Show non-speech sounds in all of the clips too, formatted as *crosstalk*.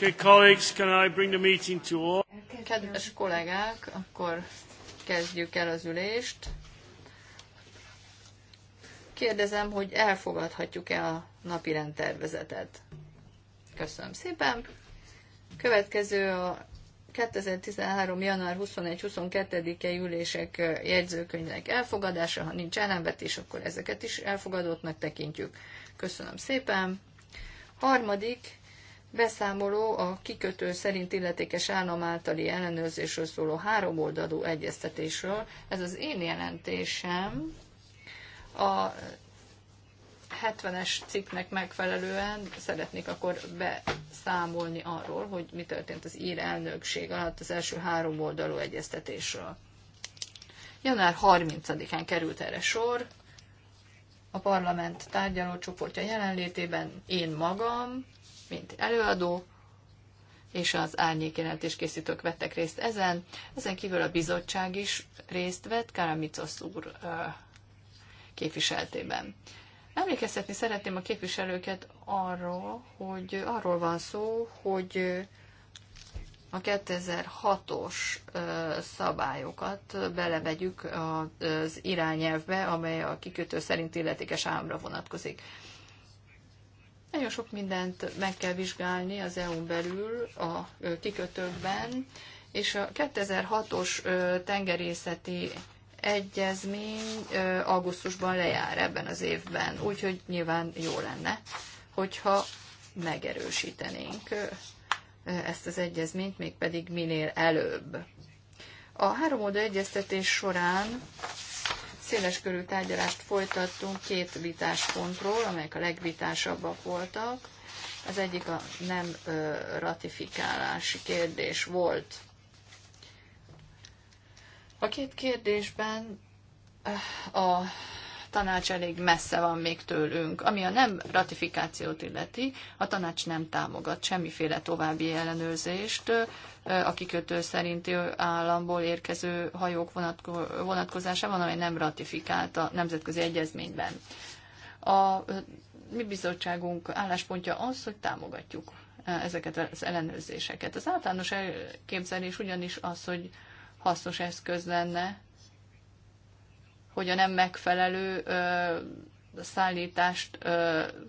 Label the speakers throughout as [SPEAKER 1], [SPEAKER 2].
[SPEAKER 1] Okay, colleagues, can I bring the meeting to all? Kedves kollégák, akkor kezdjük el az ülést. Kérdezem, hogy elfogadhatjuk-e a napi rendtervezetet. Köszönöm szépen. Következő a 2013. január 21 22 i ülések jegyzőkönyvek elfogadása. Ha nincs ellenvetés, akkor ezeket is elfogadottnak tekintjük. Köszönöm szépen. Harmadik, beszámoló a kikötő szerint illetékes állam általi ellenőrzésről szóló háromoldalú egyeztetésről. Ez az én jelentésem a 70-es cikknek megfelelően szeretnék akkor beszámolni arról, hogy mi történt az ír elnökség alatt az első három oldalú egyeztetésről. Január 30-án került erre sor, a parlament tárgyaló csoportja jelenlétében én magam, mint előadó, és az árnyékjelentés készítők vettek részt ezen. Ezen kívül a bizottság is részt vett, Karamicos úr képviseltében. Emlékeztetni szeretném a képviselőket arról, hogy arról van szó, hogy a 2006-os szabályokat belevegyük az irányelvbe, amely a kikötő szerint illetékes államra vonatkozik. Nagyon sok mindent meg kell vizsgálni az EU-n belül, a kikötőkben, és a 2006-os tengerészeti egyezmény augusztusban lejár ebben az évben, úgyhogy nyilván jó lenne, hogyha megerősítenénk ezt az egyezményt, mégpedig minél előbb. A három oda egyeztetés során széles körű tárgyalást folytattunk két vitáspontról, amelyek a legvitásabbak voltak. Az egyik a nem ratifikálási kérdés volt. A két kérdésben a tanács elég messze van még tőlünk. Ami a nem ratifikációt illeti, a tanács nem támogat semmiféle további ellenőrzést a kikötő szerinti államból érkező hajók vonatkozásában, amely nem ratifikált a nemzetközi egyezményben. A mi bizottságunk álláspontja az, hogy támogatjuk ezeket az ellenőrzéseket. Az általános elképzelés ugyanis az, hogy hasznos eszköz lenne hogy a nem megfelelő szállítást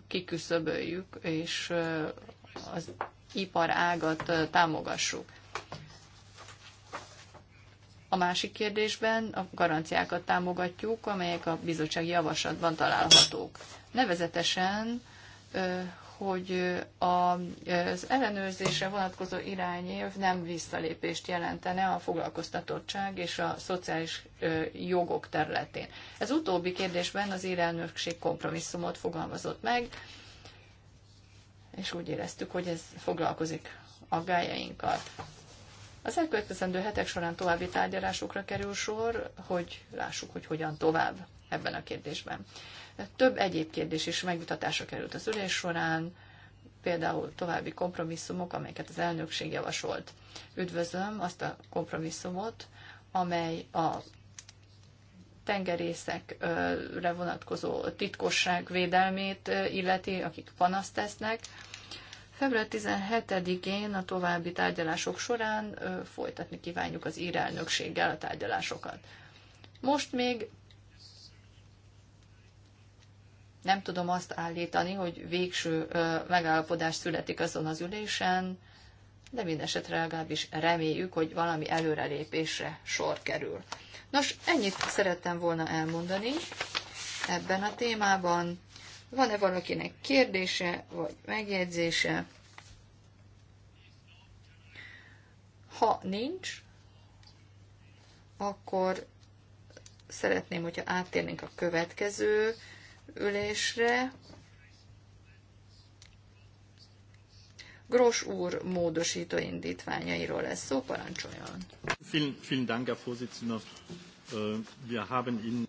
[SPEAKER 1] kiküszöböljük, és az iparágat támogassuk. A másik kérdésben a garanciákat támogatjuk, amelyek a bizottsági javaslatban találhatók. Nevezetesen, hogy az ellenőrzésre vonatkozó irányév nem visszalépést jelentene a foglalkoztatottság és a szociális jogok területén. Ez utóbbi kérdésben az irányőrség kompromisszumot fogalmazott meg, és úgy éreztük, hogy ez foglalkozik aggájainkkal. Az elkövetkezendő hetek során további tárgyalásokra kerül sor, hogy lássuk, hogy hogyan tovább ebben a kérdésben. Több egyéb kérdés is megvitatásra került az ülés során, például további kompromisszumok, amelyeket az elnökség javasolt. Üdvözlöm azt a kompromisszumot, amely a tengerészekre vonatkozó titkosság védelmét illeti, akik panaszt tesznek. Február 17-én a további tárgyalások során folytatni kívánjuk az írelnökséggel a tárgyalásokat. Most még nem tudom azt állítani, hogy végső megállapodás születik azon az ülésen, de mindesetre legalábbis reméljük, hogy valami előrelépésre sor kerül. Nos, ennyit szerettem volna elmondani ebben a témában. Van-e valakinek kérdése vagy megjegyzése? Ha nincs, akkor szeretném, hogyha áttérnénk a következő ülésre Gros úr módosító indítványairól lesz szó, parancsoljon.
[SPEAKER 2] Vielen, vielen Dank, Herr Vorsitzender. Äh, wir haben Ihnen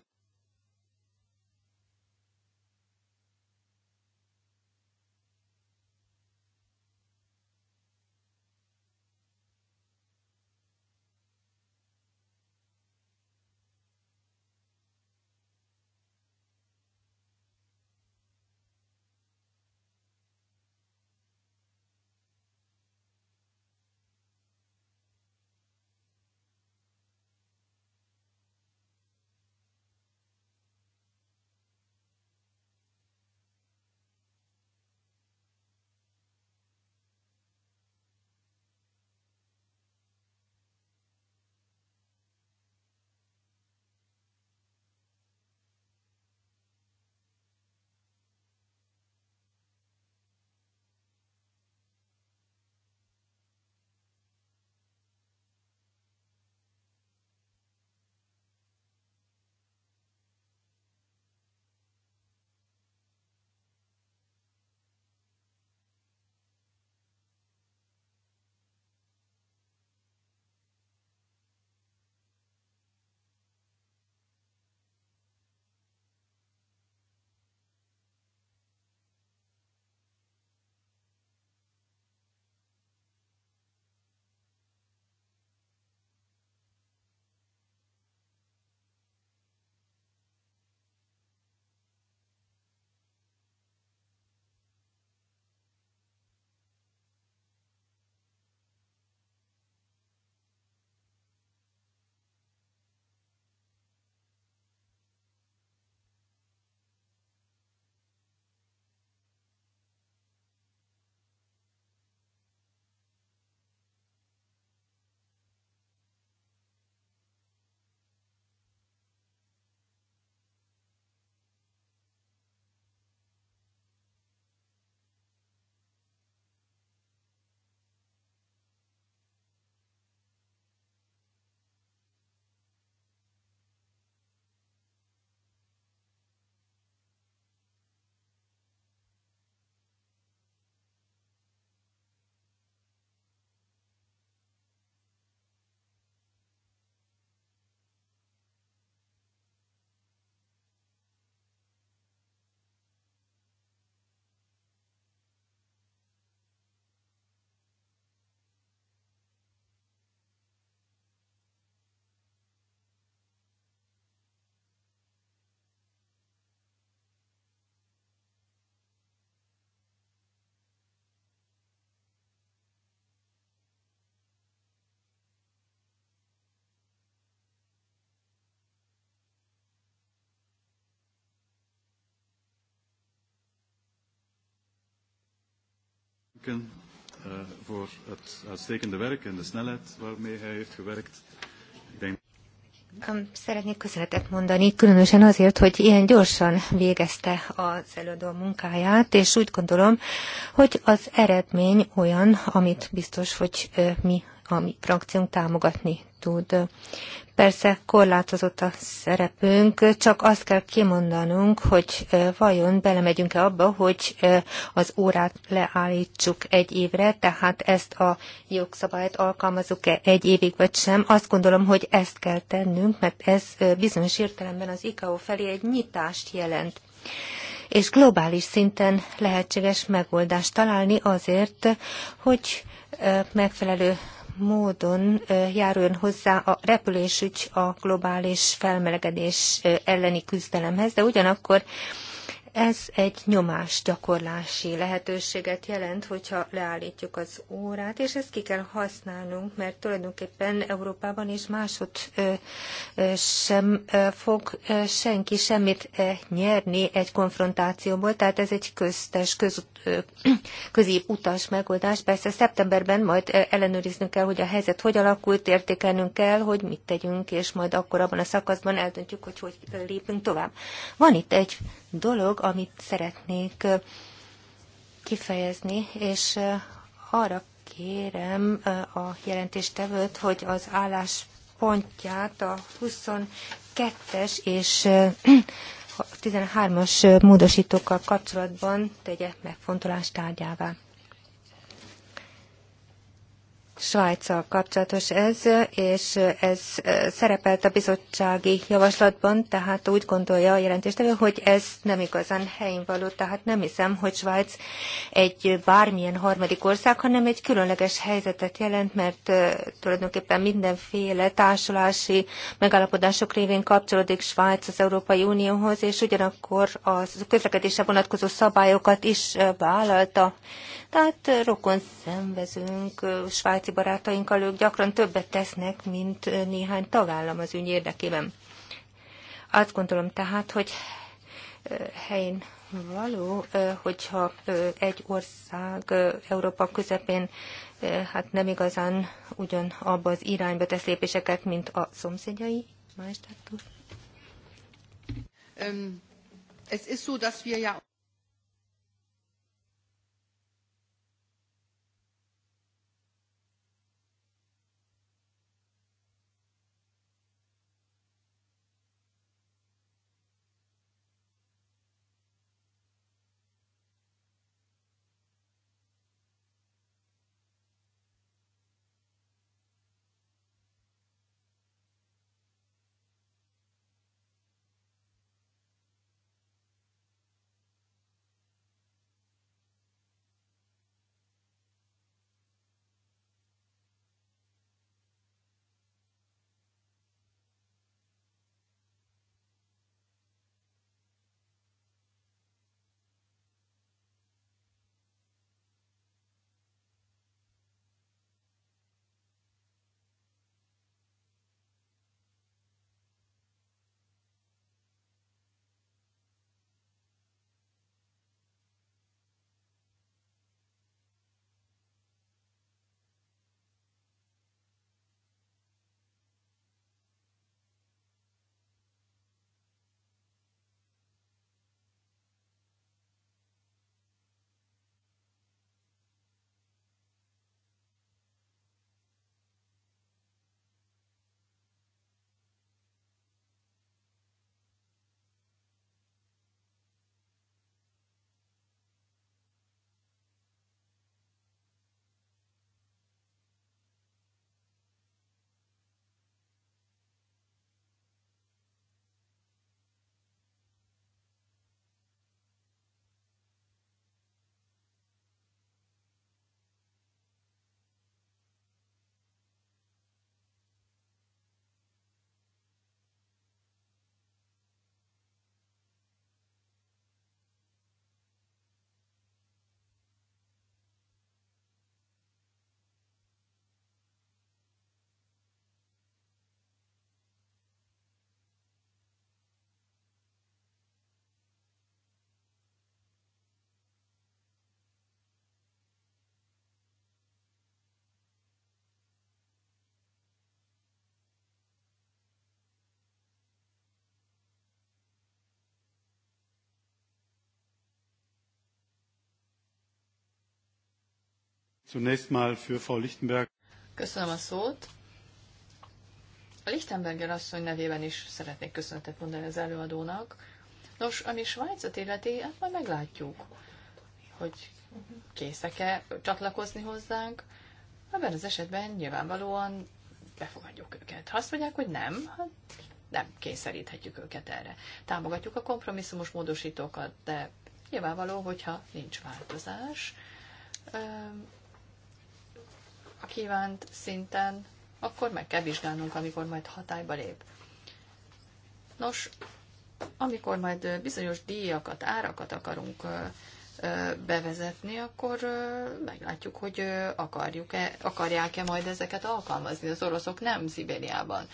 [SPEAKER 1] Eh, voor het uitstekende werk en de snelheid waarmee hij heeft gewerkt.
[SPEAKER 2] Ehm, szeretnék köszönetet mondani, különösen azért, hogy ilyen gyorsan végezte az előadó munkáját, és úgy gondolom, hogy az eredmény olyan, amit biztos, hogy eh, mi a mi frakciónk támogatni tud. Persze korlátozott a szerepünk, csak azt kell kimondanunk, hogy vajon belemegyünk-e abba, hogy az órát leállítsuk egy évre, tehát ezt a jogszabályt alkalmazunk-e egy évig vagy sem. Azt gondolom, hogy ezt kell tennünk, mert ez bizonyos értelemben az ICAO felé egy nyitást jelent és globális szinten lehetséges megoldást találni azért, hogy megfelelő módon járuljon hozzá a repülésügy a globális felmelegedés elleni küzdelemhez, de ugyanakkor ez egy nyomásgyakorlási lehetőséget jelent, hogyha leállítjuk az órát, és ezt ki kell használnunk, mert tulajdonképpen Európában és másod sem fog senki semmit nyerni egy konfrontációból, tehát ez egy köztes, köz, *clears throat* középutas megoldás. Persze szeptemberben majd ellenőriznünk kell, hogy a helyzet hogy alakult, értékelnünk kell, hogy mit tegyünk, és majd akkor abban a szakaszban eldöntjük, hogy hogy lépünk tovább. Van itt egy dolog, amit szeretnék kifejezni, és arra kérem a jelentéstevőt, hogy az álláspontját a 22-es és 13-as módosítókkal kapcsolatban tegye megfontolás tárgyává. Svájccal kapcsolatos ez, és ez szerepelt a bizottsági javaslatban, tehát úgy gondolja a jelentéstevő, hogy ez nem igazán helyén való, tehát nem hiszem, hogy Svájc egy bármilyen harmadik ország, hanem egy különleges helyzetet jelent, mert tulajdonképpen mindenféle társulási megállapodások révén kapcsolódik Svájc az Európai Unióhoz, és ugyanakkor a közlekedésre vonatkozó szabályokat is vállalta tehát rokon szenvezünk svájci barátainkkal, ők gyakran többet tesznek, mint néhány tagállam az ügy érdekében. Azt gondolom tehát, hogy helyén való, hogyha egy ország Európa közepén hát nem igazán ugyan abba az irányba tesz lépéseket, mint a szomszédjai. Más
[SPEAKER 1] um, es ist so, dass wir ja
[SPEAKER 2] Zunächst mal für Frau Lichtenberg.
[SPEAKER 1] Köszönöm a szót. A Lichtenberger asszony nevében is szeretnék köszönetet mondani az előadónak. Nos, ami Svájcot illeti, hát majd meglátjuk, hogy készek-e csatlakozni hozzánk. Ebben az esetben nyilvánvalóan befogadjuk őket. Ha azt mondják, hogy nem, hát nem kényszeríthetjük őket erre. Támogatjuk a kompromisszumos módosítókat, de nyilvánvaló, hogyha nincs változás, a kívánt szinten, akkor meg kell vizsgálnunk, amikor majd hatályba lép. Nos, amikor majd bizonyos díjakat, árakat akarunk bevezetni, akkor meglátjuk, hogy akarjuk-e, akarják-e majd ezeket alkalmazni az oroszok nem Szibériában.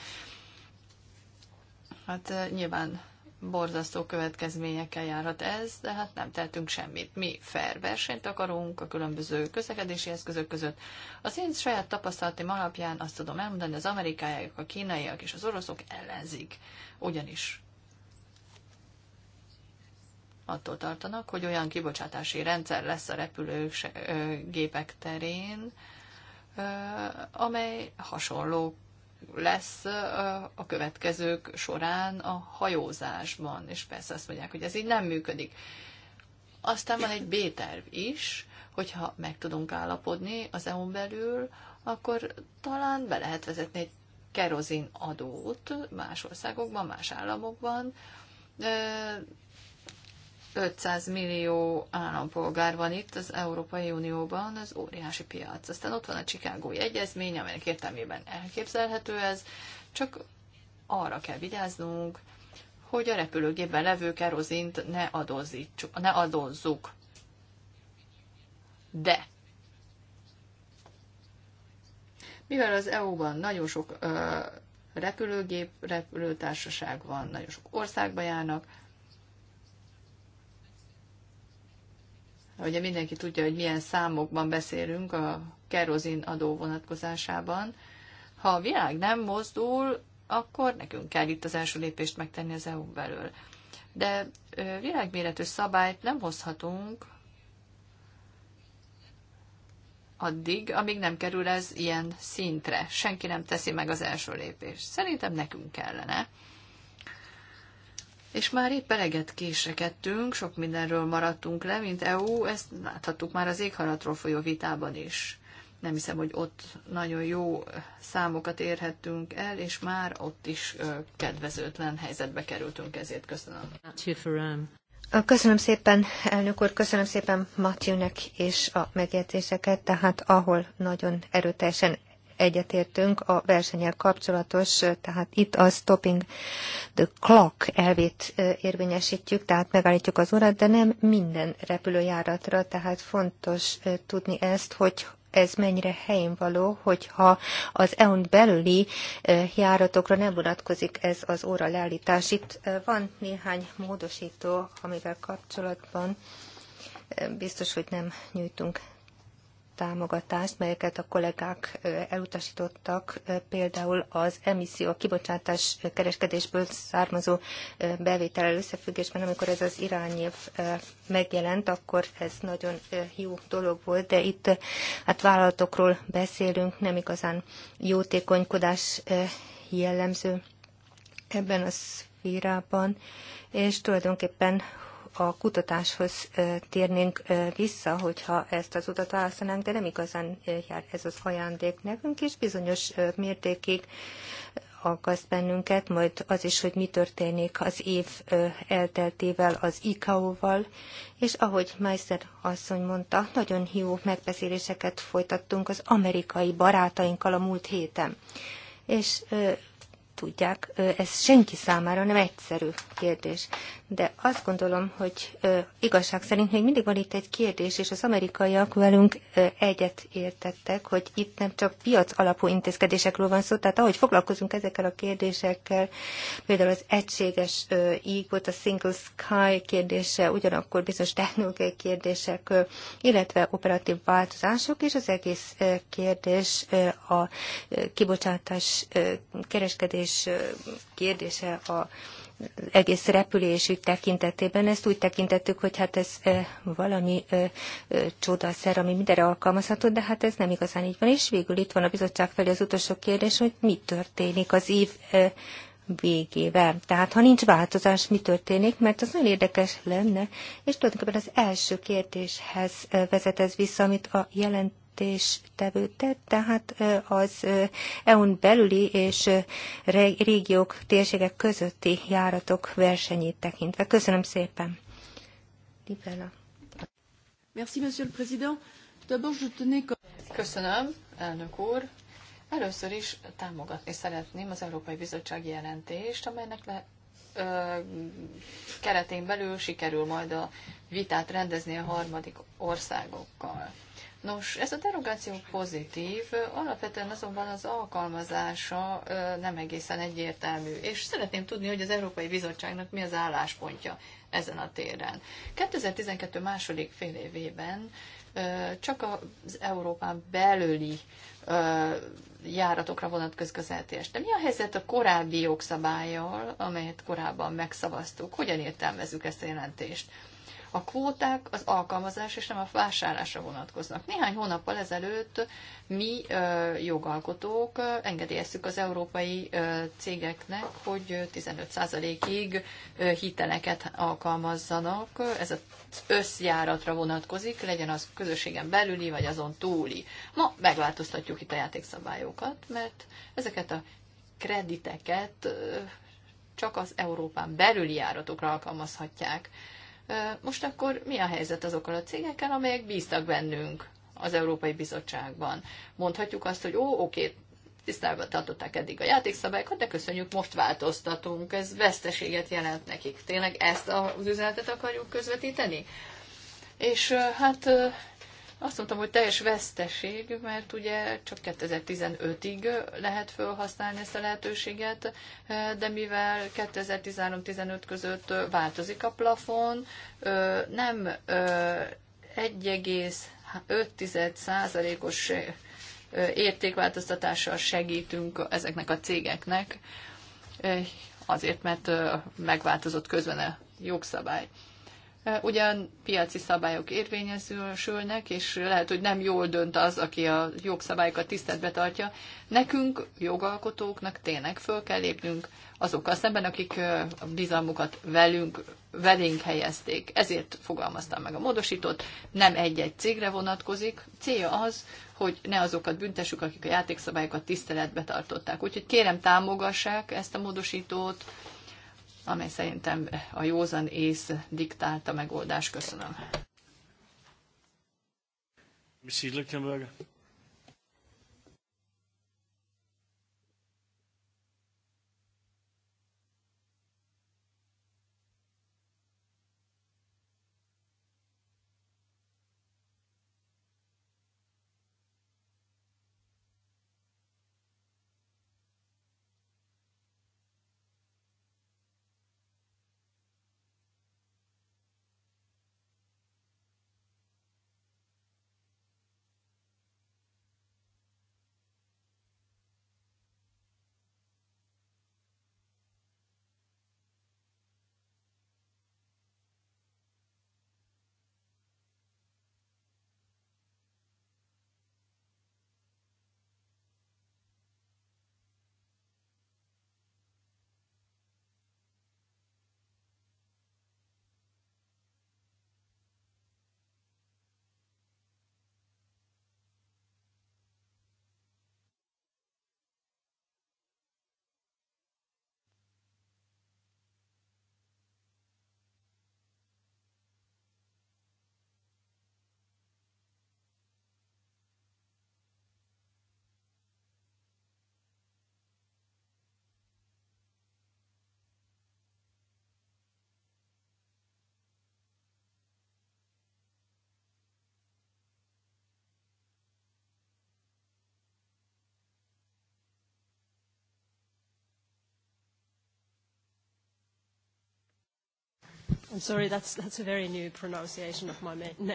[SPEAKER 1] Hát nyilván borzasztó következményekkel járhat ez, de hát nem tehetünk semmit. Mi fair versenyt akarunk a különböző közlekedési eszközök között. Az én saját tapasztalatom alapján azt tudom elmondani, az amerikaiak, a kínaiak és az oroszok ellenzik. Ugyanis attól tartanak, hogy olyan kibocsátási rendszer lesz a repülőgépek terén, amely hasonló lesz a következők során a hajózásban, és persze azt mondják, hogy ez így nem működik. Aztán van egy B-terv is, hogyha meg tudunk állapodni az EU-n belül, akkor talán be lehet vezetni egy kerozin adót más országokban, más államokban, 500 millió állampolgár van itt az Európai Unióban, az óriási piac. Aztán ott van a Csikágói Egyezmény, amelynek értelmében elképzelhető ez, csak arra kell vigyáznunk, hogy a repülőgépben levő kerozint ne, ne adózzuk. De mivel az EU-ban nagyon sok ö, repülőgép, repülőtársaság van, nagyon sok országba járnak, Ugye mindenki tudja, hogy milyen számokban beszélünk a kerozin adó vonatkozásában. Ha a világ nem mozdul, akkor nekünk kell itt az első lépést megtenni az EU-n belül. De világméretű szabályt nem hozhatunk addig, amíg nem kerül ez ilyen szintre. Senki nem teszi meg az első lépést. Szerintem nekünk kellene és már épp eleget késekedtünk, sok mindenről maradtunk le, mint EU, ezt láthattuk már az éghalatról folyó vitában is. Nem hiszem, hogy ott nagyon jó számokat érhettünk el, és már ott is kedvezőtlen helyzetbe kerültünk, ezért köszönöm.
[SPEAKER 2] Köszönöm szépen, elnök úr, köszönöm szépen Matthewnek és a megjegyzéseket, tehát ahol nagyon erőteljesen egyetértünk a versenyel kapcsolatos, tehát itt a stopping the clock elvét érvényesítjük, tehát megállítjuk az órát, de nem minden repülőjáratra, tehát fontos tudni ezt, hogy ez mennyire helyén való, hogyha az EU-n belüli járatokra nem vonatkozik ez az óra leállítás. Itt van néhány módosító, amivel kapcsolatban biztos, hogy nem nyújtunk támogatást, melyeket a kollégák elutasítottak, például az emisszió, a kibocsátás kereskedésből származó bevétel összefüggésben, amikor ez az irányév megjelent, akkor ez nagyon jó dolog volt, de itt hát vállalatokról beszélünk, nem igazán jótékonykodás jellemző ebben a szférában, és tulajdonképpen a kutatáshoz térnénk vissza, hogyha ezt az utat választanánk, de nem igazán jár ez az ajándék nekünk, is. bizonyos mértékig aggaszt bennünket, majd az is, hogy mi történik az év elteltével, az ICAO-val, és ahogy Meister asszony mondta, nagyon jó megbeszéléseket folytattunk az amerikai barátainkkal a múlt héten. És tudják, ez senki számára nem egyszerű kérdés de azt gondolom, hogy ö, igazság szerint még mindig van itt egy kérdés, és az amerikaiak velünk ö, egyet értettek, hogy itt nem csak piac alapú intézkedésekről van szó, tehát ahogy foglalkozunk ezekkel a kérdésekkel, például az egységes ö, íg volt a single sky kérdése, ugyanakkor bizonyos technológiai kérdések, ö, illetve operatív változások, és az egész ö, kérdés ö, a ö, kibocsátás, ö, kereskedés ö, kérdése a egész repülésügy tekintetében. Ezt úgy tekintettük, hogy hát ez eh, valami eh, eh, csodaszer, ami mindenre alkalmazható, de hát ez nem igazán így van. És végül itt van a bizottság felé az utolsó kérdés, hogy mi történik az év végével. Tehát ha nincs változás, mi történik, mert az nagyon érdekes lenne, és tulajdonképpen az első kérdéshez vezet ez vissza, amit a jelent jelentéstevő tett, tehát az EU-n belüli és régiók, térségek közötti járatok versenyét tekintve. Köszönöm szépen. Libella.
[SPEAKER 1] Merci, Monsieur le Président. D'abord, je tenais... Köszönöm, elnök úr. Először is támogatni szeretném az Európai Bizottság jelentést, amelynek le, ö, keretén belül sikerül majd a vitát rendezni a harmadik országokkal. Nos, ez a derogáció pozitív, alapvetően azonban az alkalmazása nem egészen egyértelmű, és szeretném tudni, hogy az Európai Bizottságnak mi az álláspontja ezen a téren. 2012 második fél évében csak az Európán belüli járatokra vonatkozik az LTS. E De mi a helyzet a korábbi jogszabályjal, amelyet korábban megszavaztuk? Hogyan értelmezzük ezt a jelentést? A kvóták az alkalmazás és nem a vásárlásra vonatkoznak. Néhány hónappal ezelőtt mi jogalkotók engedélyeztük az európai cégeknek, hogy 15%-ig hiteleket alkalmazzanak. Ez az összjáratra vonatkozik, legyen az közösségen belüli vagy azon túli. Ma megváltoztatjuk itt a játékszabályokat, mert ezeket a krediteket csak az Európán belüli járatokra alkalmazhatják. Most akkor mi a helyzet azokkal a cégekkel, amelyek bíztak bennünk az Európai Bizottságban? Mondhatjuk azt, hogy ó, oké, tisztában tartották eddig a játékszabályokat, de köszönjük, most változtatunk, ez veszteséget jelent nekik. Tényleg ezt az üzenetet akarjuk közvetíteni? És hát azt mondtam, hogy teljes veszteség, mert ugye csak 2015-ig lehet felhasználni ezt a lehetőséget, de mivel 2013-15 között változik a plafon, nem 1,5%-os értékváltoztatással segítünk ezeknek a cégeknek, azért, mert megváltozott közben a jogszabály. Ugyan piaci szabályok érvényesülnek, és lehet, hogy nem jól dönt az, aki a jogszabályokat tiszteletbe tartja. Nekünk, jogalkotóknak tényleg föl kell lépnünk azokkal szemben, akik a bizalmukat velünk, velünk helyezték. Ezért fogalmaztam meg a módosítót. Nem egy-egy cégre vonatkozik. Célja az, hogy ne azokat büntessük, akik a játékszabályokat tiszteletbe tartották. Úgyhogy kérem támogassák ezt a módosítót, amely szerintem a józan ész diktálta megoldás. Köszönöm. Mrs. Lichtenberger. I'm sorry, that's, that's a very new pronunciation of my name.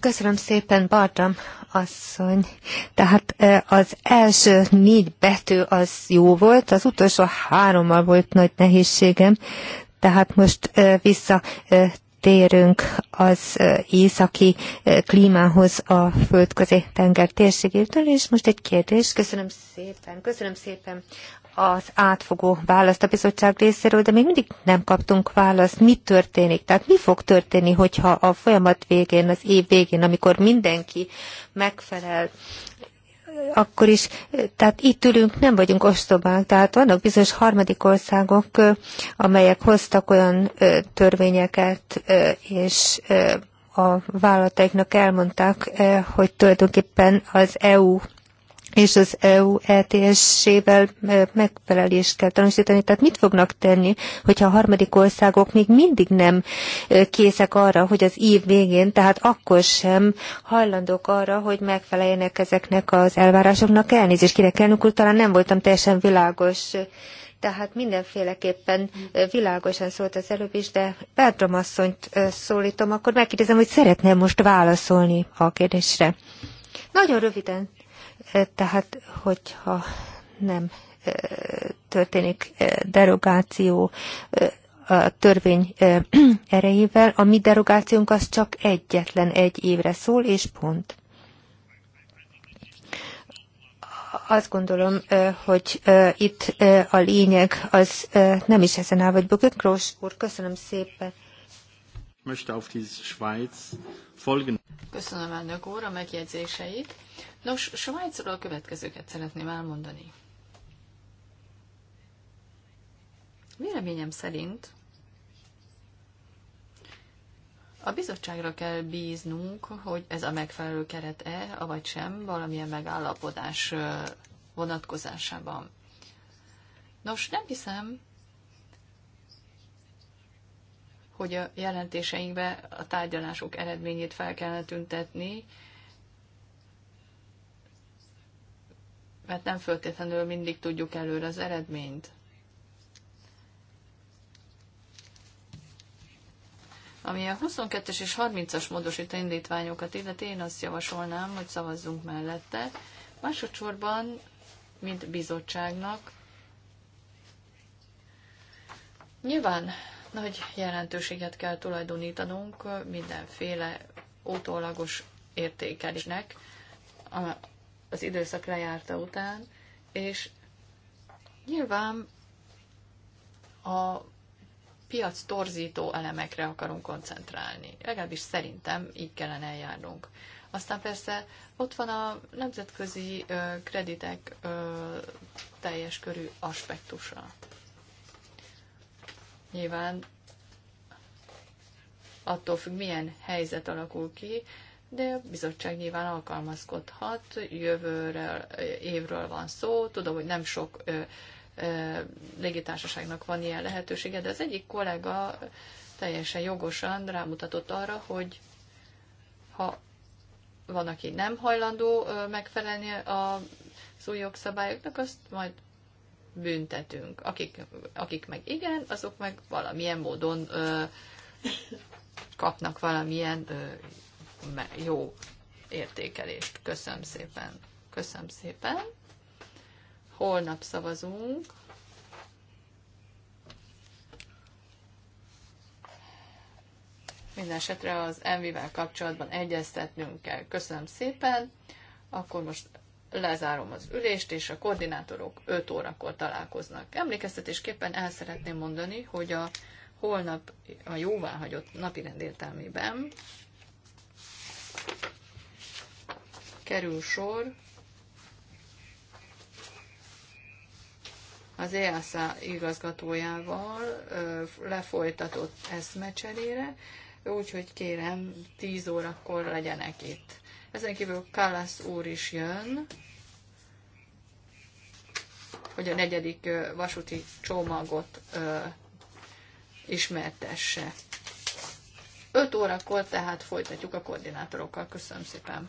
[SPEAKER 2] Köszönöm szépen, Bartam asszony. Tehát eh, az első négy betű az jó volt, az utolsó hárommal volt nagy nehézségem, tehát most eh, vissza eh, térünk az északi klímához a földközi tenger térségétől, és most egy kérdés. Köszönöm szépen, köszönöm szépen az átfogó választ a bizottság részéről, de még mindig nem kaptunk választ, mi történik. Tehát mi fog történni, hogyha a folyamat végén, az év végén, amikor mindenki megfelel akkor is, tehát itt ülünk, nem vagyunk ostobák, tehát vannak bizonyos harmadik országok, amelyek hoztak olyan törvényeket, és a vállalataiknak elmondták, hogy tulajdonképpen az EU és az EU ETS-ével megfelelést kell tanúsítani. Tehát mit fognak tenni, hogyha a harmadik országok még mindig nem készek arra, hogy az év végén, tehát akkor sem hajlandók arra, hogy megfeleljenek ezeknek az elvárásoknak elnézést. kinek? elnök úr, talán nem voltam teljesen világos. Tehát mindenféleképpen világosan szólt az előbb is, de Bertram asszonyt szólítom, akkor megkérdezem, hogy szeretném most válaszolni a kérdésre. Nagyon röviden tehát hogyha nem történik derogáció a törvény *clears throat* erejével, a mi derogációnk az csak egyetlen egy évre szól, és pont. Azt gondolom, hogy itt a lényeg az nem is ezen áll, vagy Bökönkrós úr, köszönöm szépen. möchte
[SPEAKER 1] auf die Schweiz folgen. Köszönöm elnök úr a megjegyzéseit. Nos, Svájcról a következőket szeretném elmondani. Véleményem szerint a bizottságra kell bíznunk, hogy ez a megfelelő keret-e, avagy sem, valamilyen megállapodás vonatkozásában. Nos, nem hiszem, hogy a jelentéseinkbe a tárgyalások eredményét fel kellene tüntetni, mert nem föltétlenül mindig tudjuk előre az eredményt. Ami a 22-es és 30-as módosító indítványokat illeti, én azt javasolnám, hogy szavazzunk mellette. Másodszorban, mint bizottságnak, nyilván nagy jelentőséget kell tulajdonítanunk mindenféle utólagos értékelésnek az időszak lejárta után, és nyilván a piac torzító elemekre akarunk koncentrálni. Legalábbis szerintem így kellene eljárnunk. Aztán persze ott van a nemzetközi kreditek teljes körű aspektusa. Nyilván attól függ, milyen helyzet alakul ki, de a bizottság nyilván alkalmazkodhat, jövőről, évről van szó, tudom, hogy nem sok ö, ö, légitársaságnak van ilyen lehetősége, de az egyik kollega teljesen jogosan rámutatott arra, hogy ha van, aki nem hajlandó megfelelni az új jogszabályoknak, azt majd büntetünk. Akik, akik meg igen, azok meg valamilyen módon ö, kapnak valamilyen ö, jó értékelést. Köszönöm szépen. Köszönöm szépen. Holnap szavazunk. Minden esetre az MV-vel kapcsolatban egyeztetnünk kell. Köszönöm szépen. Akkor most lezárom az ülést, és a koordinátorok 5 órakor találkoznak. Emlékeztetésképpen el szeretném mondani, hogy a holnap a jóváhagyott napi rendértelmében kerül sor az EASA igazgatójával lefolytatott eszmecserére, úgyhogy kérem, 10 órakor legyenek itt. Ezen kívül Kallász úr is jön, hogy a negyedik vasúti csomagot ö, ismertesse. 5 órakor tehát folytatjuk a koordinátorokkal. Köszönöm szépen!